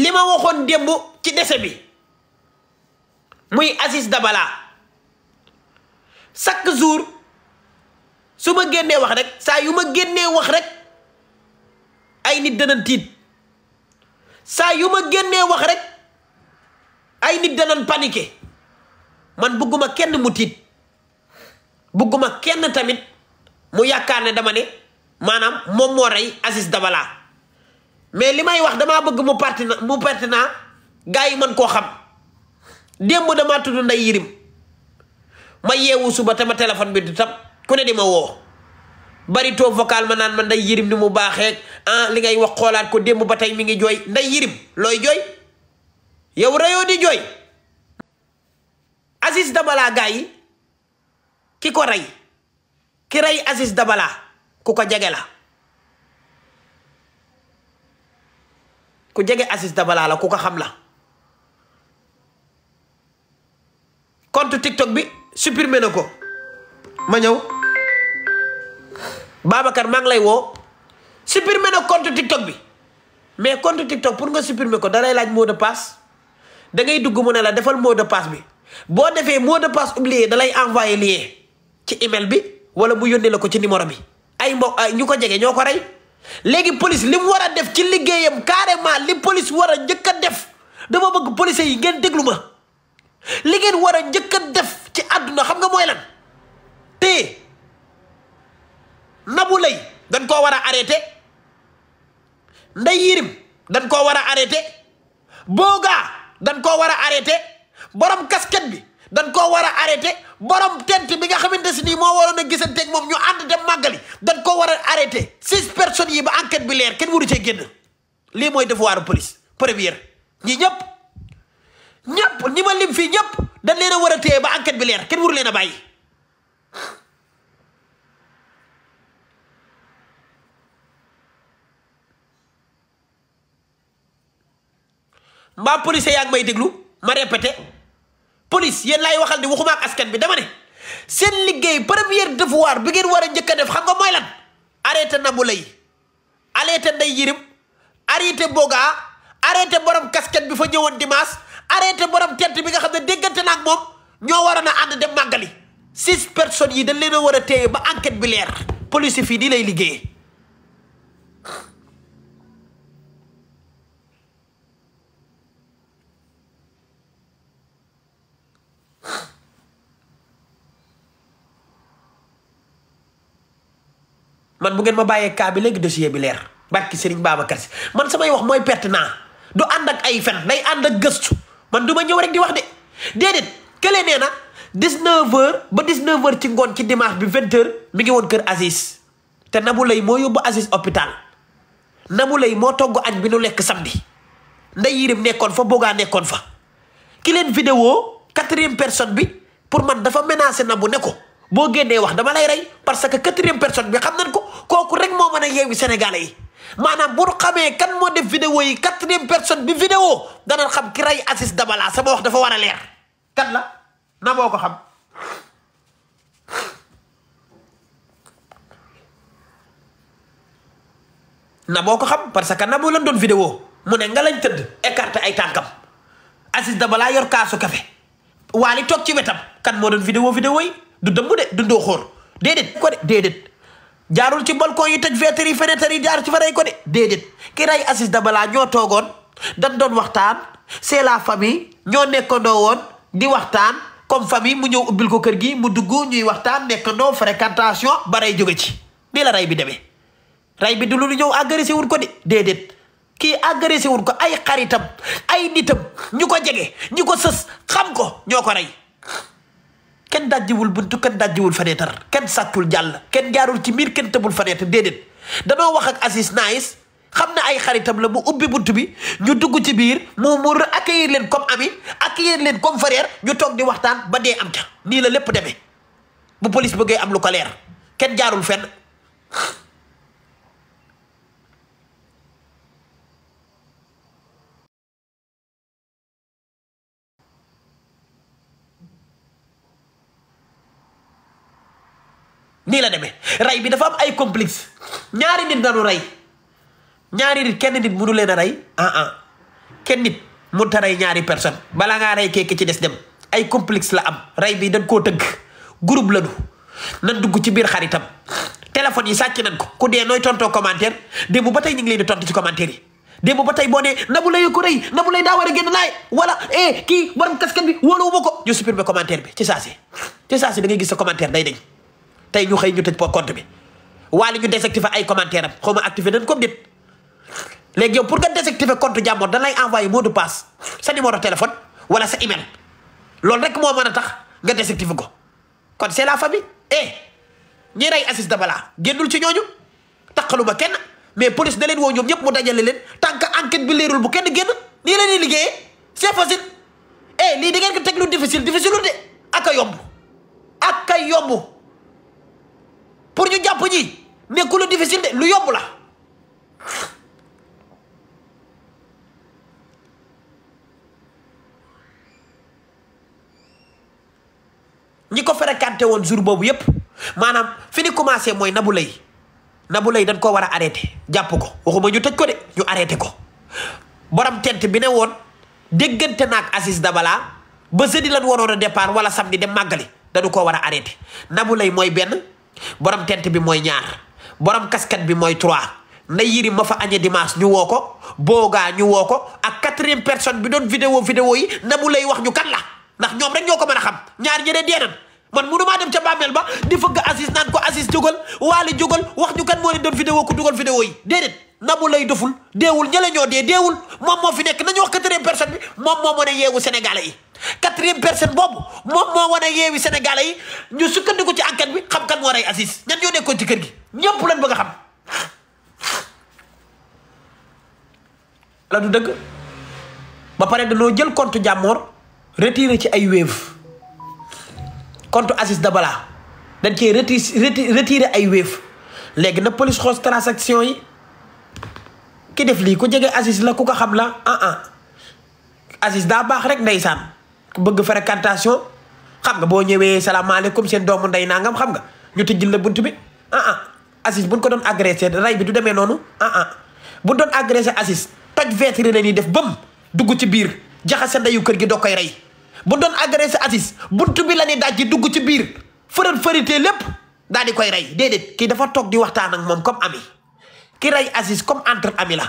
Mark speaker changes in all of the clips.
Speaker 1: li ma waxoon démb ci dese bi muy Aziz Dabala chaque jour su ma génnee wax rek saa yu ma génnee wax rek ay nit danan tiit saa yu ma génnee wax rek ay nit danan paniqué man bëgguma kenn mu tiit bëgguma kenn tamit mu yaakaar ne dama ne maanaam moom moo rey Aziz Dabala mais li may wax damaa bëgg mu pertinent mu pertinent gars yi man koo xam démb damaa tudd nday yirim ma yeewu suba te ma téléphone bi du tam ku ne di ma woo bari too vocal ma naan ma nday yirim ni mu baaxee ah li ngay wax xoolaat ko démb ba tey mi ngi jooy nday yirim looy jooy yow rayoo di jooy Aziz Dabala gars yi ki ko rey ki rey Aziz Dabala ku ko jege la ku jege Aziz Dabala la ku ko xam la compte TikTok bi supprimer na ko ma ñëw Babacar man lay woo supprimer na compte TikTok bi mais compte TikTok pour nga supprimer ko da laaj mot de passe da ngay dugg mu ne la defal mot de passe bi boo defee mot de passe oublié da lay envoyé lien ci email bi wala mu yónnee la ko ci numéro bi ay mbokk ñu ko jege ñoo ko rey. léegi police li mu war a def ci liggéeyam carrément li police war a njëkk def dama bëgg police yi ngeen déglu ma li ngeen war a njëkk a def ci àdduna xam nga mooy lan te Nabou Leye dañ koo war a arrêté Ndeye Yirim dañ koo war a arrêté Boga dañ koo war a arrêté borom casquette bi dañ koo war a arrêté borom tent bi nga xamante si nii moo waroon a gisanteeg moom ñu ànd dem màggali dañ koo war a arrêté six personnes yi ba enquête bi leer kenn waru cee génn lii mooy defuwaaru police première ñi ñëpp ñëpp ñi ma lim fii ñëpp dañ leen a war a téye ba enquête bi leer kenn waru leen bàyyi mbaa policier yaa ngi may déglu ma répété police yéen laay waxal ni waxuma ak askan bi dama ne seen liggéey première devoir bi ngeen war a njëkk a xam nga moylan lan na Nabou Leye arrêté Ndeye Yirim arrêté Boga arrêté borom casquette bi fa jëwoon dimanche arrêté borom tent bi nga xam ne déggante na ak moom ñoo waroon a ànd dem màggali six personnes yi dañ leen a war a téye ba enquête bi leer police fii nii lay liggéey man bu ngeen ma bàyyee cas bi léegi dossier bi leer barki Serigne Babacar Sy man samay wax mooy pertinent du ànd ak ay fen lay ànd ak gëstu man du ma ñëw rek di wax de déedéet kële nee na 19h ba 19h ci ngoon ci dimanche bi 20h mi ngi woon kër Aziz te Nabou Leye moo yóbbu Aziz hôpital Nabou Leye moo togg añ bi nu lekk samedi nday yirim nekkoon fa boogaa nekkoon fa ki leen vidéo quatrième personne bi pour man dafa menacé Nabou ne ko boo génnee wax dama lay rey parce que quatrième personne bi xam nañ ko kooku rek moo mën a yeewi sénégalais yi maanaam bu nu xamee kan moo def vidéo yi quatrième personne bi vidéo dana xam ki rey Aziz Dabala sama wax dafa war a leer kan la na moo ko xam na boo ko xam parce que na boo leen doon vidéo mu ne nga lañ tëdd écarté ay tànkam Aziz Dabala yor kaasu kafe waali toog ci wetam kan moo doon vidéo vidéo yi du dëmb de du ndóoxóor déedéet ko de jaarul ci balcon yi tëj fenêtre yi fenêtre yi ci fa rey ko de déedéet ki rey Aziz Dabala ñoo toogoon dañ doon waxtaan c'est la famille ñoo nekkandoo woon di waxtaan comme famille mu ñëw ubbil ko kër gi mu dugg ñuy waxtaan nekkandoo fréquentation ba rey jóge ci nii la rey bi demee rey bi du lu ñëw agressé wul ko de déedéet kii agressé wul ko ay xaritam ay nitam ñu ko jege ñu ko sës xam ko ñoo ko rey kenn dajjiwul buntu kenn dajjiwul fenêtre kenn sàccul jàll kenn jaarul ci miir kenn tëbul fenêtre den danoo wax ak Aziz xam ne ay xaritam la mu ubbi bunt bi ñu dugg ci biir mu muur accueillir leen comme ami accueillir leen comme frère ñu toog di waxtaan ba dee am ca nii la lépp demee bu police bëggee am lu ko leer kenn jaarul fenn nii la demee rey bi dafa am ay complexe ñaari nit nanu rey ñaari nit kenn nit mënu leen a rey ah ah kenn nit mënut a rey ñaari personne balaa ngaa rey keke ci des dem ay complexe la am rey bi dañ koo tëgg groupe la du nan dugg ci biir xaritam téléphone yi sàcc nañ ko ku dee nooy tontoo commentaire démb ba tey ñu ngi leen ci commentaire yi démb ba boo nee Nabou Leye ko rëy Nabou Leye daa war a génn laay wala eh kii borom kaskat bi wóoluwuma ko ñu supprimer commentaire bi ci saa ci saa si da ngay gis sa commentaire day de tey ñu xëy ñu tëj po compte bi waali ñu désactiver ay commentaire am xaw ma activé nañ ko nit léegi yow pour nga désactiver compte jàmmoor dañ lay envoyé mot de passe sa numéro téléphone wala sa email loolu rek moo mën a tax nga désactiver ko kon c'est la famille eh ñi rey Aziz Dabala génnul ci ñooñu taqaluma kenn mais police da leen woo ñoom ñëpp mu dajale leen tant que enquête bi leerul bu kenn génn nii la ñuy liggéeyee c'est facile eh lii da ngeen ko teg lu difficile difficile de ak a yomb ak a yomb. pour ñu jàpp ñi nekku lu difficile de lu yomb la ñi ko fréquenté woon jour boobu yépp maanaam fi ni commencé mooy Nabou Leye Nabou Leye dañ koo war a arrêté jàpp ko waxuma ñu tëj ko de ñu arrêté ko borom tent bi ne woon déggante naag Aziz balaa ba jeudi lan waroon a départ wala samedi dem màggali dañu ko war a arrêté Nabou Leye mooy benn borom tent bi mooy ñaar borom casquette bi mooy trois na yiri ma fa añe dimanche ñu woo ko boogaa ñu woo ko ak quatrième personne bi doon vidéo vidéo yi na mu lay wax ñu kan la ndax ñoom rek ñoo ko mën a xam ñaar ñeneen deenan man mënumaa dem ca bàmmeel ba di fëgg Aziz naan ko Aziz jógal waali jógal wax ñu kan moo leen doon vidéo ku dugal vidéo yi déedéet na mu lay doful deewul ña la ñoo dee deewul moom moo fi nekk nañu wax quatrième personne bi moom moo mën a yeewu sénégalais yi quatrième personne boobu moom moo wane yeewi sénégalais yi ñu sukkandiku ci enquête bi xam kan moo rey Aziz ñan ñoo nekkoon ci kër gi ñëpp lañ bëgg a xam la du dëgg ba pare dañoo jël compte jàmmoor retire ci ay wave compte Aziz Dabala dañ cee retiré retiré ay wave léegi na police xoos yi ki def lii ku jege Aziz la ku ko xam la ah ah Aziz daa baax rek ndeysaan ku bëgg fréquentation xam nga boo ñëwee salaamaaleykum seen doomu ndey nangam xam nga ñu tëjjil la bunt bi ah ah Aziz buñ ko doon agressé rey bi du demee noonu ah ah buñ doon agressé Aziz toj vitre la ñuy def bam dugg ci biir jaxas jaxase ndeyu kër gi doo koy rey buñ doon agressé Aziz bunt bi la ñuy daaj ji dugg ci biir fërët fëritee lépp daal di koy rey déedéet kii dafa toog di waxtaan ak moom comme ami ki rey Aziz comme entre ami la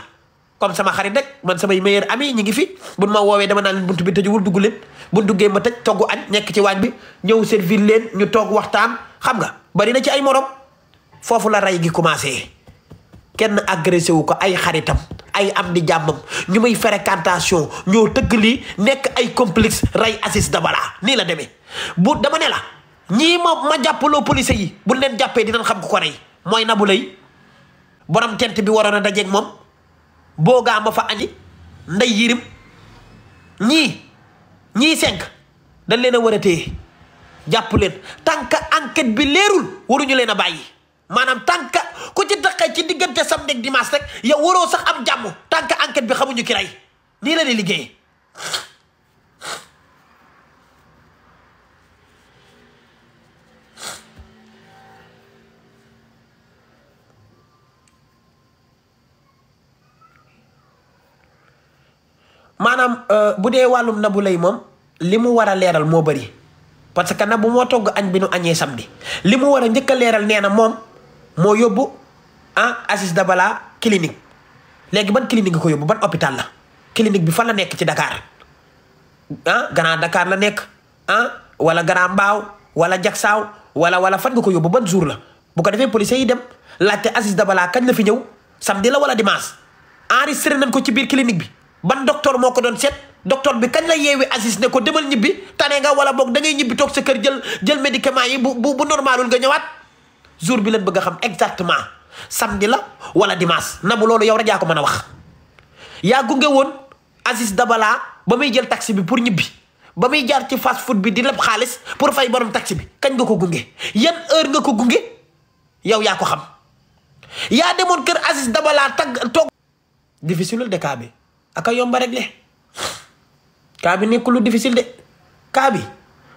Speaker 1: comme sama xarit rek man samay meilleur ami ñi ngi fi buñ ma woowee dama naan bunt bi tëjuwul dugg leen bu duggee ma tëj togg añ nekk ci waañ bi ñëw servir leen ñu toog waxtaan xam nga bari na ci ay morom foofu la rey gi commencé kenn agressé wu ko ay xaritam ay am di jàmmam ñu may fréquentation ñoo tëgg lii nekk ay complexe rey Aziz Dabala nii la demee bu dama ne la ñii ma ma jàppaloo police yi bu leen jàppee dinañ xam ko ko rey mooy Nabou Leye borom tent bi waroon a dajeeg moom boogaa ma fa añi nday yirim ñii ñiy segg dañ leen a war a téye jàpp leen tant que bi leerul waruñu leen a bàyyi maanaam tant que ku ci daqee ci diggante samedi ak dimanche rek yow waroo sax am jàmm tant que bi xamuñu ki rey nii la di liggéeyee. maanaam euh, bu dee wàllum nabu lay moom. li mu war a leeral moo bëri parce que nag bu moo togg añ bi nu añee samedi li mu war a njëkk a leeral nee na moom moo yóbbu ah Aziz Dabala clinique léegi ban clinique nga ko yóbbu ban hôpital la clinique bi fan la nekk ci Dakar a ah, Grand Dakar la nekk a ah, wala Grand Mbaaw wala Jaksaaw wala wala fan nga ko yóbbu ban jour la bu ko defee policiers yi dem laajte Aziz Dabala kañ la fi ñëw samedi la wala dimanche enregistré nañ ko ci biir clinique bi ban docteur moo ko doon seet. docteur bi kañ la yeewi Aziz ne ko demal ñibbi tane nga wala boog da ngay ñibbi toog sa kër jël jël médicament yi bu bu bu normalul nga ñëwaat jour bi leen bëgg a xam exactement samedi la wala dimanche nabu loolu yow rek yaa ko mën a wax. yaa gunge woon Aziz Dabala ba muy jël taxi bi pour ñibbi ba muy jaar ci fast food bi di leb xaalis pour fay borom taxi bi kañ nga ko gunge yan heure nga ko gunge yow yaa ko xam yaa demoon kër Aziz Dabala tag toog difficile le cas bi aka yomba rek cas bi nekk lu difficile de cas bi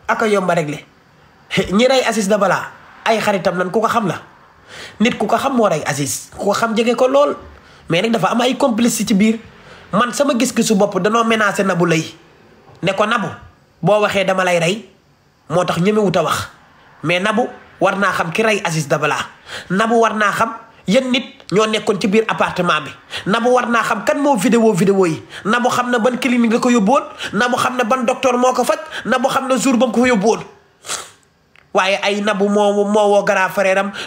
Speaker 1: aka yomba réglé ñi rey Aziz balaa ay xaritam nan ku ko xam la nit ku ko xam moo rey Aziz ku ko xam jege ko lool mais nag dafa am ay complice ci biir man sama gis-gisu bopp danoo menacé Nabou Leye ne ko Nabou boo waxee dama lay rey moo tax ñemewut a wax mais Nabou war naa xam ki rey Aziz Dabala Nabou war naa xam yéen nit ñoo nekkoon ci biir appartement bi Nabou war naa xam kan moo vidéo vidéo yi Nabou xam na ban clinique nga ko yóbbuwoon Nabou xam na ban docteur moo ko faj Nabou xam na jour ba mu ko yóbbuwoon waaye ay Nabou moo moo woo grand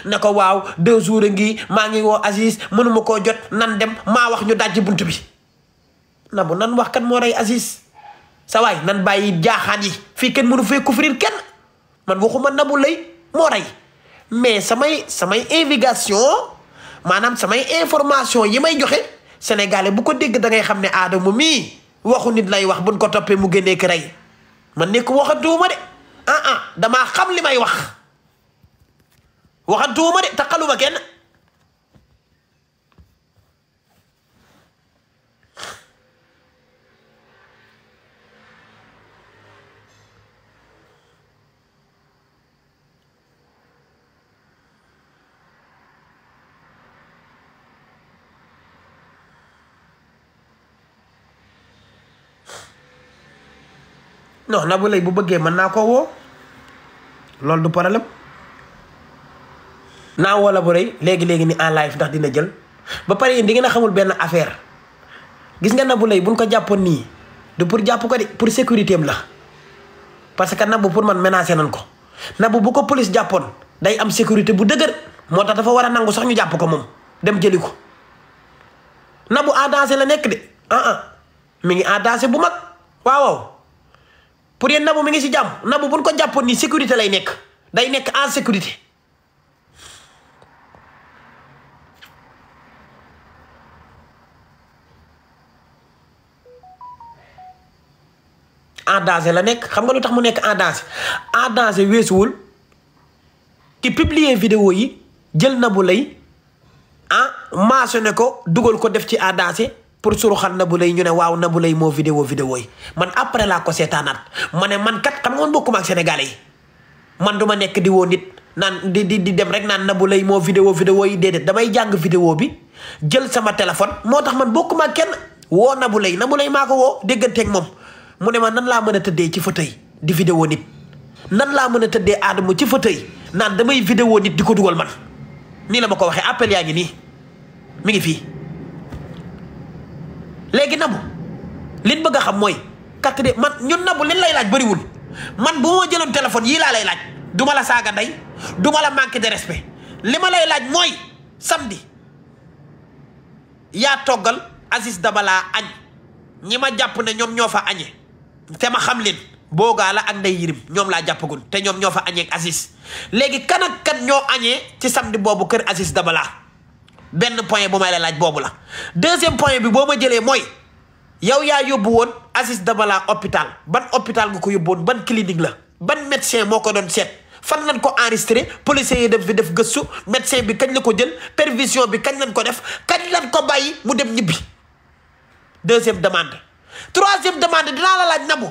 Speaker 1: ne ko waaw deux jours ngi maa ngi woo Aziz mënuma koo jot nan dem maa wax ñu dajji bunt bi Nabou nan wax kan moo rey Aziz sa nan bàyyi jaaxaan yi fii kenn mënu fee couvrir kenn man waxuma Nabou lay moo rey mais samay samay investigation maanaam samay information yi may joxe sénégalais bu ko dégg da ngay xam ne aadama mii waxu nit lay wax buñ ko toppee mu génnee ki rey man nekk waxantuuma de ah ah damaa xam li may wax waxantuuma de taqaluma kenn non Nabou Leye bu bëggee mën naa koo woo loolu du problème naa woo Nabou Leye léegi-léegi ni en live ndax dina jël ba pare yéen di ngeen a xamul benn affaire gis nga Nabou Leye buñ ko jàppoon nii du pour jàpp ko de pour sécurité am la parce que Nabou pour man menacé nañ ko Nabou bu ko police jàppoon day am sécurité bu dëgër moo tax dafa war a nangu sax ñu jàpp ko moom dem jëli ko Nabou en la nekk de ah ah mi ngi en danger bu mag waaw pour yéen nabu mi ngi si jàmm nabu buñ ko jàppoon ni sécurité lay nekk day nekk en sécurité en danger la nekk xam nga lu tax mu nekk en danger en danger weesuwul ki publier vidéo yi jël nabu lay ah mentionné ko dugal ko def ci en danger pour suruxal Nabou Leye lay ne waaw Nabou Leye moo vidéo vidéo yi man après laa ko seetaanaat ma ne man kat xam nga woon bokkuma ak sénégalais yi man du ma nekk di woo nit naan di di di dem rek naan Nabou Leye moo vidéo vidéo yi déedéet damay jàng vidéo bi jël sama téléphone moo tax man bokkuma ak kenn woo Nabou Leye Nabou Leye maa ko woo moom mu ne ma nan laa mën a tëddee ci fauteuil di vidéo nit nan laa mën a tëddee aadama ci fauteuil naan damay vidéo nit di ko dugal man nii la ma ko waxee appel yaa ngi nii mi ngi fii léegi nabu liñ bëgg a xam mooy carte de man ñun nabu liñ lay laaj bariwul man boo ma téléphone yii laa lay laaj duma la saaga ndey du ma la manqué de respect li ma lay laaj mooy samdi yaa toggal Aziz Dabala añ ñi ma jàpp ne ñoom ñoo fa añe te ma xam leen boogaa la ak nday yirim ñoom laa jàppagun te ñoom ñoo fa añeek Aziz léegi kan ak kan ñoo añee ci samedi boobu kër Aziz Dabala benn point bu may la laaj boobu la deuxième point bi boo ma jëlee mooy yow yaa yóbbu woon Aziz Dabala hôpital ban hôpital nga ko yóbbu woon ban clinique la ban médecin moo ko doon seet fan lañ ko enregistré policiers yi def fi def gëstu médecin bi kañ la ko jël pervision bi kañ lañ ko def kañ lan ko bàyyi mu dem ñibbi deuxième demande troisième demande dinaa la laaj nabu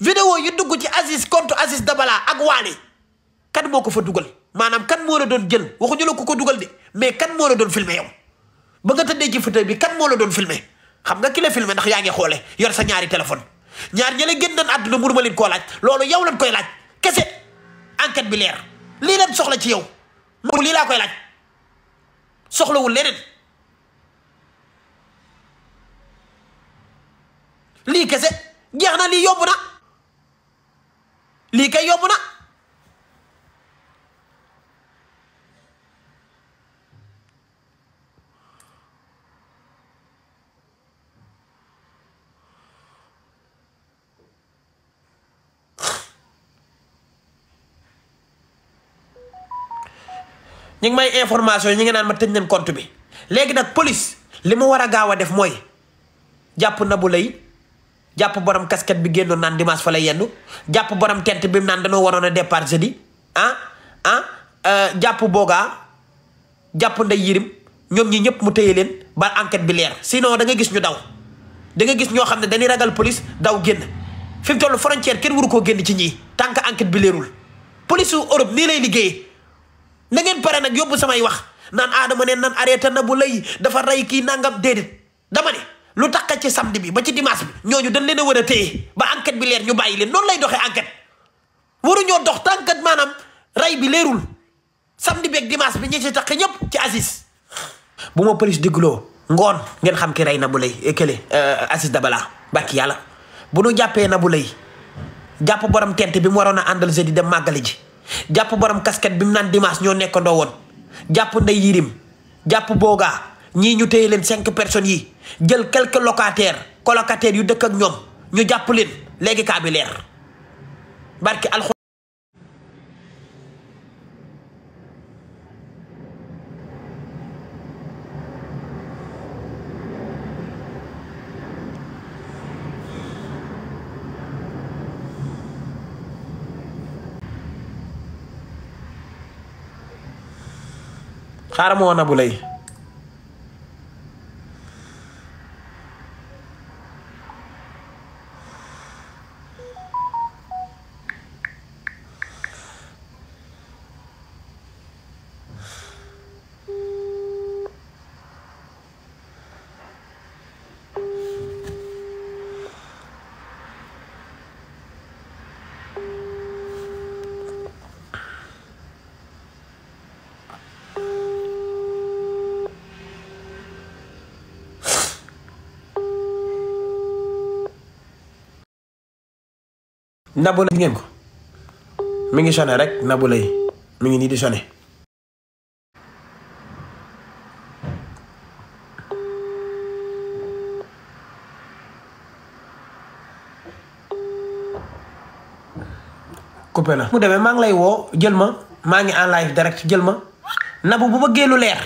Speaker 1: vidéo yi dugg ci Aziz compte Aziz Dabala ak Waly kan moo ko fa dugal maanaam kan moo la doon jël waxuñu la ku ko dugal de mais kan moo la doon filmer yow ba nga tëddee ci fauteuil bi kan moo la doon filmer xam nga ki la ndax yaa ngi xoole yor sa ñaari téléphone ñaar ña la génn nañ àdduna mënu ma leen laaj loolu yow lañ koy laaj kese enquête bi leer lii leen soxla ci yow moom lii laa koy laaj soxlawul leneen lii kese jeex na lii yomb na lii kay yomb na ñu ngi may information ñi ñu naan ma tëj nañ compte bi léegi nag police li mu war a gaaw a def mooy jàpp na bu lay jàpp borom kasket bi génnoon naan dimanche fa la yendu jàpp borom tent bi mu naan dañoo waroon a départ jeudi ah ah euh, jàpp boogaa jàpp nday yirim ñoom ñi ñëpp mu téye leen ba enquête bi leer sinon da nga gis ñu daw da nga gis ñoo xam ne dañuy ragal police daw génn fi mu toll frontière kenn waru koo génn ci ñii tant que enquête bi leerul police su Europe lay liggéeyee. na ngeen pare nag yóbbu samay wax naan aadama ne nan arrêté na bu lay dafa rey kii nangam déedéet dama ne lu tax ci samedi bi ba ci dimanche bi ñooñu dañ leen a war a téye ba enquête bi leer ñu bàyyi leen noonu lay doxee enquête waruñoo dox tànkat maanaam rey bi leerul samedi beeg dimanche bi ñi ci tax ñëpp ci Aziz bu ma polis digloo ngoon ngeen xam ki rey na bu lay eh, kële eh, Aziz Dabala bàkki yàlla bu nu jàppee na bu lay jàpp borom tent bi mu waroon a àndal jeudi dem màggali ji jàpp borom kasket bi mu naan dimanche ñoo nekkandoo woon jàpp nday yirim jàpp boogaa ñii ñu téye leen cinq personnes yi jël quelques locataires colocataires yu dëkk ak ñoom ñu jàpp leen léegi kaa bi leer barki alxu xaaral ma woon Abou Lay Nabou Leye ngeen ko mi ngi sonné rek Nabou Leye mi ngi nii di sonné. coupé demee maa ngi lay woo jël ma maa ngi en live direct jël ma nabu bu bëggee lu leer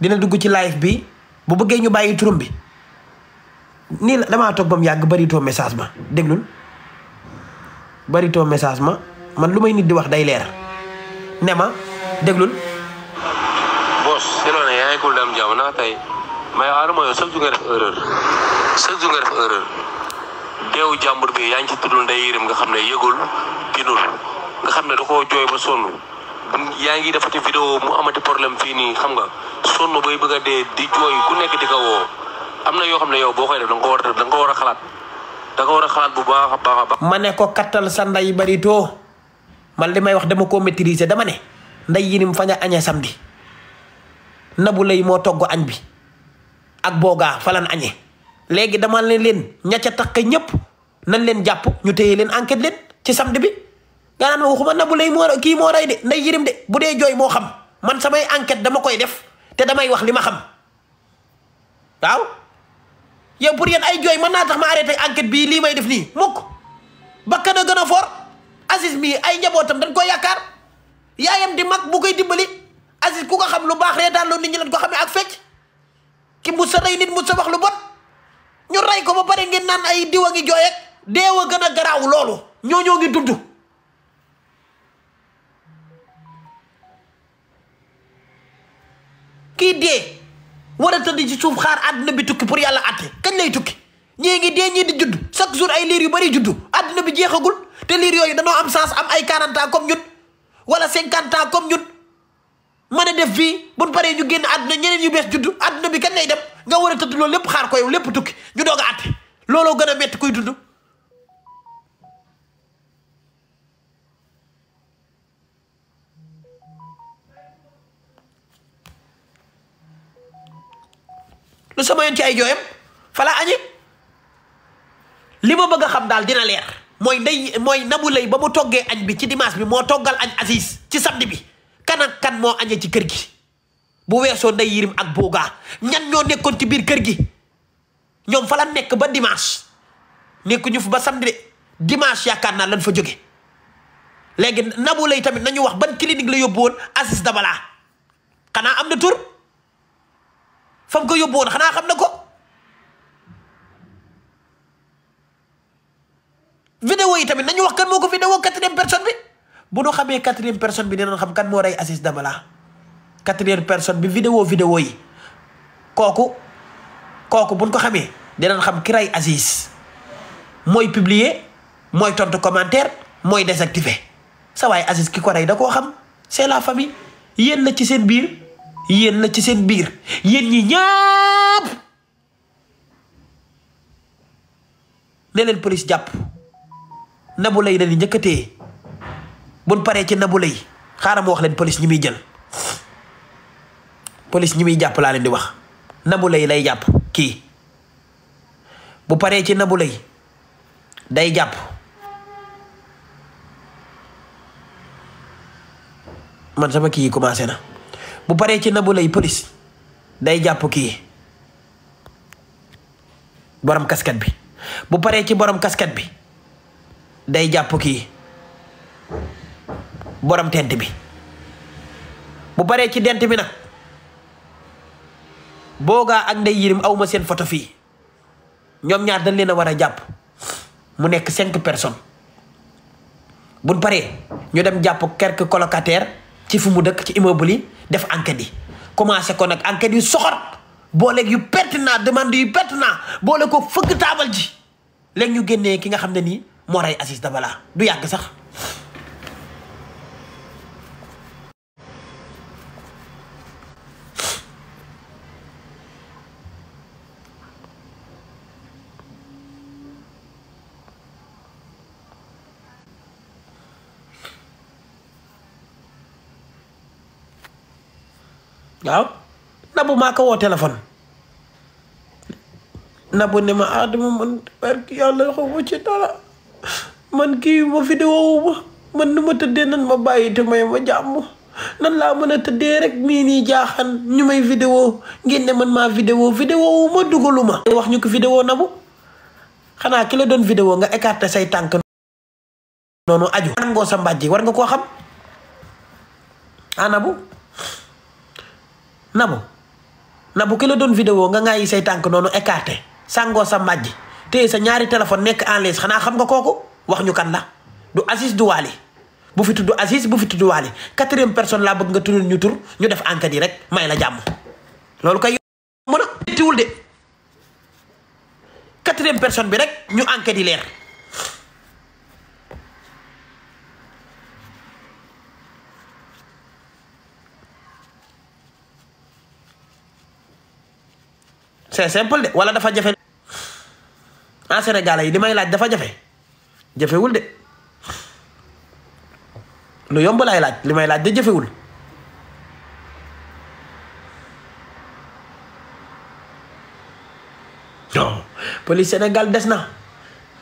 Speaker 1: dina dugg ci live bi bu bëggee ñu bàyyi turam bi nii la damaa ba mu yàgg bëri too message ba déglul barito message ma man lu may nit di wax day leer ne ma déglul. boss si noonu yaa ngi ko dem jàmm naa tey mais Adama nga xam ne yëgul ginul nga xam ne da koo jooy ba sonn yaa ngi defati mu amati problème fii nii xam nga sonn bay bëgg dee di jooy ku nekk di ko am na yoo xam ne yow boo koy def da nga ko war a xalaat. da war a xalaat bu baax a baax a baax. ma ne ko kattal sa nday barito man li may wax dama ko maîtriser dama ne nday yi ni mu fañ a añee samedi nabu lay moo togg añ bi ak boogaa falan añee léegi dama leen leen ña ca takk ñëpp nañ leen jàpp ñu téye leen enquête leen ci samedi bi nga naan ma waxuma lay moo kii moo rey de nday yirim de bu dee jooy moo xam man samay enquête dama koy def te damay wax li ma xam waaw. yow pour yéen ay jooy mën naa tax ma arrêté enquête bii lii may def nii mukk bakkan a gën a for Aziz mii ay njabootam dañ koy yaakaar yaayam di mag bu koy dimbali Aziz ku ko xam lu baax reetaan loolu nit ñi lañ ko xamee ak fecc ki mu sa wax lu bon ñu rey ko ba pare ngeen naan ay diwa ngi jooy ak deew a gën a garaaw loolu ñoo ñoo ngi dund kii dee war a tëdd ci suuf xaar àdduna bi tukki pour yàlla àtte kañ lay tukki ñii ngi dee ñii di judd chaque jour ay liir yu bëri judd àdduna bi jeexagul te liir yooyu danoo am chance am ay 40 ans comme ñun wala 50 ans comme ñun mën def fii bu buñ paree ñu génn àdduna ñeneen ñu bees judd àdduna bi kañ lay def nga war a tëdd loolu lépp xaar ko yow lépp tukki ñu doog a àtte looloo gën a métti kuy dund lu sama ci ay jooyam fala añe li ma bëgg a xam daal dina leer mooy ndey mooy nabu lay ba mu toggee añ bi ci dimanche bi moo toggal añ assis ci samedi bi kan kan moo añee ci kër gi bu weesoo ndey yirim ak boogaa ñan ñoo nekkoon ci biir kër gi ñoom fa nekk ba dimanche nekku ñu fa ba samdi de dimanche yaakaar naa lan fa jóge léegi nabu lay tamit nañu wax ban clinique la yóbbu woon Aziz Dabala xanaa am na tur fam ko yóbbu woon xanaa xam na ko vidéo yi tamit nañu wax kan moo ko vidéo quatrième personne bi bu ñu xamee quatrième personne bi dinañ xam kan moo rey Aziz Dabala quatrième personne bi vidéo vidéo yi kooku kooku buñ ko xamee dinañ xam ki rey Aziz mooy publier mooy tontu commentaire mooy désactiver sa waaye ki ko rey da koo xam c'est la famille yéen la ci seen biir yéen la ci seen biir yéen ñi ñaap ne leen police jàpp Nabou Leye na ni njëkkatee buñ paree ci Nabou Leye xaaral ma wax leen police ñi muy jël police ñi muy jàpp laa leen di wax Nabou Leye lay jàpp kii bu paree ci Nabou Leye day jàpp man sama kii yi commencé na bu paree ci nabu lay police day jàpp kii boroom kasket bi bu paree ci boroom kasket bi day jàpp kii borom tent bi bu paree ci dent bi nag boogaa ak ndey yirim awma seen photo fii ñoom ñaar dañ leen a war a jàpp mu nekk cinq personne bu paree ñu dem jàpp quelques colocataires ci fu mu dëkk ci immeuble yi def enquête yi commencé ko nag enquête yu soxor booleeg yu pertinent demande yu pertinent boole ko fëgg taabal ji léegi ñu génnee ki nga xam ne nii moo rey Aziz Dabala du yàgg sax waaw nabu maa ko woo téléphone nabu ne ma Adama man ki yàlla xawma ci dara man kii ma vidéo wu ma man nu ma tëddee nan ma bàyyi may ma jàmm nan laa mën a tëddee rek mii nii jaaxan ñu may vidéo ngeen ne man maa vidéo vidéo ma dugalu ma wax ñu ko vidéo nabu xanaa ki doon vidéo nga écarté say tànk noonu aju nangoo sa mbàjji war nga koo xam anabu nabu nabu ki la doon vidéo nga ngay say tànk noonu écarté sàngoo sa màjj te sa ñaari téléphone nekk en ligne xanaa xam nga kooku wax ñu kan la du Aziz du Waly bu fi tudd Aziz bu fi tudd Waly quatrième personne la bëgg nga tuddul ñu tur ñu def enquête yi rek may la jàmm loolu kay mën a tiwul de quatrième personne bi rek ñu enquête yi leer c'est de wala dafa jafe en Sénégalais yi li laaj dafa jafe jafewul de lu yomb laay laaj li may laaj de jafewul non police Sénégal des na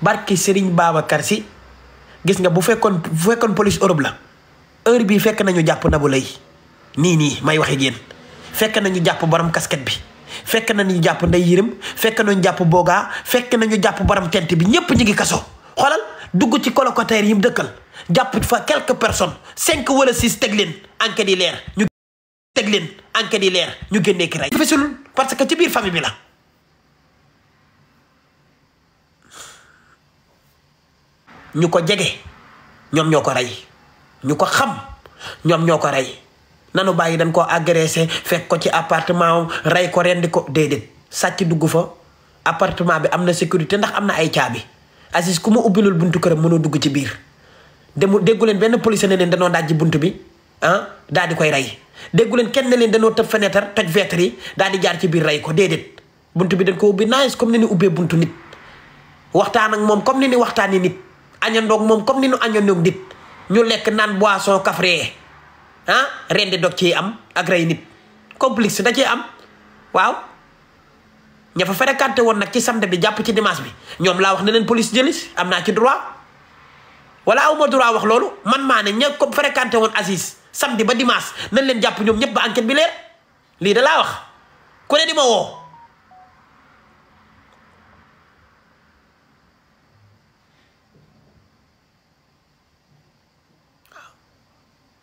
Speaker 1: barki Serigne Babacar si gis nga bu fekkoon bu fekkoon police Europe la heure bii fekk nañu jàpp na Nabou Leye nii nii may waxe génn fekk nañu jàpp borom kasket bi fekk nañu jàpp nday yërëm fekk nañ jàpp boogaa fekk nañu jàpp baram tent bi ñépp ñu ngi kaso xoolal dugg ci colocataire yi dëkkal jàpp fa quelques personne cinq wala six teg leen enquête yi leer ñu leen enquête yi leer ñu génnee ki rey ñu fesul parce que ci biir famille bi la ñu ko jege ñoom ñoo ko rey ñu ko xam ñoom ñoo ko rey nanu bàyyi dañ koo agressé fekk ko ci appartement rey ko rendi ko déedéet sàcc dugg fa appartement bi am na sécurité ndax am na ay caabi Aziz ku ma ubbilul buntu mun mënoo dugg ci biir demu déggu leen benn police ne leen danoo dajji bunt bi ah daal di koy rey déggu leen kenn ne leen danoo tëb fenêtre toj vitre yi daal di jaar ci biir rey ko déedéet buntu bi dañ ko ubbi nice comme ni ñu ubbee buntu nit waxtaan moom comme ni ñu waxtaani nit añandoog moom comme ni ñu añandoog nit ñu lekk naan boisson kafree ah rendi dog ci am ak nit complexe da cee am waaw ña fa fréquenté woon nag ci samedi bi jàpp ci dimanche bi ñoom laa wax ne leen police jëlis am naa ci droit wala aw ma droit wax loolu man maa ne ña ko fréquenté woon Aziz samedi ba dimanche nañ leen jàpp ñoom ñëpp ba enquête bi leer lii da laa wax ku ne di ma woo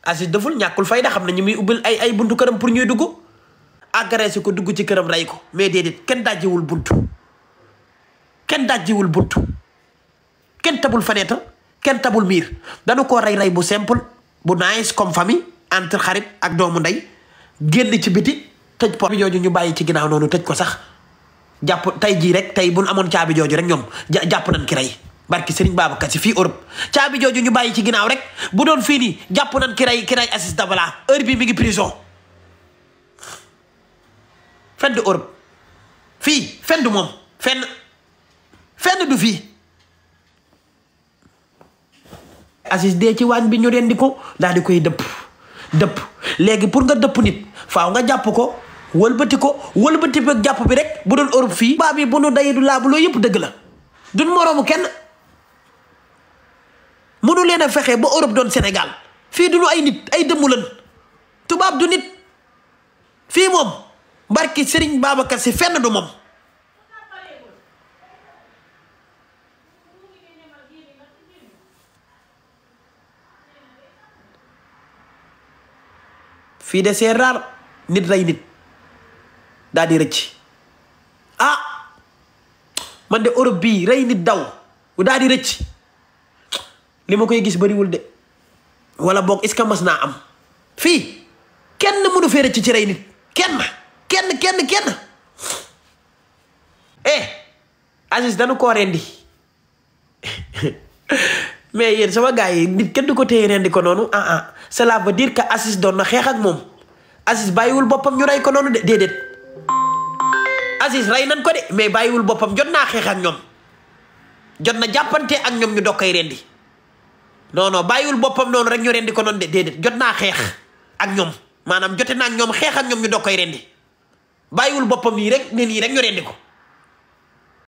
Speaker 1: Aziz deful ñàkkul fayda xam na ñu muy ubbil ay ay buntu këram pour ñuy dugg agressé ko dugg ci këram rey ko mais déedéet kenn dajjiwul buntu kenn dajjiwul buntu kenn tabul fenêtre kenn tabul miir dañu koo rey rey bu simple bu nice comme famille entre xarit ak doomu ndey génn ci biti tëj poor bi ñu bàyyi ci ginnaaw noonu tëj ko sax jàpp tey jii rek tey buñ amoon caabi jooju rek ñoom jàpp nañ ki rey barki Serigne Babacar si fii Europe caabi jooju ñu bàyyi ci ginnaaw rek bu doon fii nii jàpp nañ ki ray ki ray Aziz Dabala bi mi ngi prison fenn du fii fenn fenn fenn du fii Aziz dee ci waañ bi ñu rendi ko daal di koy dëpp dëpp léegi pour nga dëpp nit faaw nga jàpp ko wëlbati ko wëlbati beeg jàpp bi rek bu doon Europe fii baa bu nu dayi du laa loolu yëpp dëgg la duñ moroomu kenn mënu leen a fexe ba Europe doon Sénégal fii du ñu ay nit ay dëmmu tubaab du nit fii moom barki Serigne Babacar si fenn du moom. fii de c'est nit rey nit daal rëcc ah man de Europe bii rey nit daw daal rëcc. li ma koy gis bariwul de wala boog est-ce que mas naa am fii kenn mënu féere ci ci rey nit kenn kenn kenn kenn eh Aziz dañu koo rendi mais yéen sama gars yi nit kenn ko téye rendi ko noonu ah ah cela veut dire que doon na xeex ak moom Aziz bàyyiwul boppam ñu rey ko noonu de déedéet Aziz rey nañ ko de mais bàyyiwul boppam jot naa xeex ak ñoom jot na jàppante ak ñoom ñu dog koy rendi non non bàyyiwul boppam noonu rek ñu rendi ko noonu de déedéet jot naa xeex ak ñoom maanaam jote naa ak ñoom xeex ak ñoom ñu doog koy rendi bàyyiwul boppam nii rek ne nii rek ñu rendi ko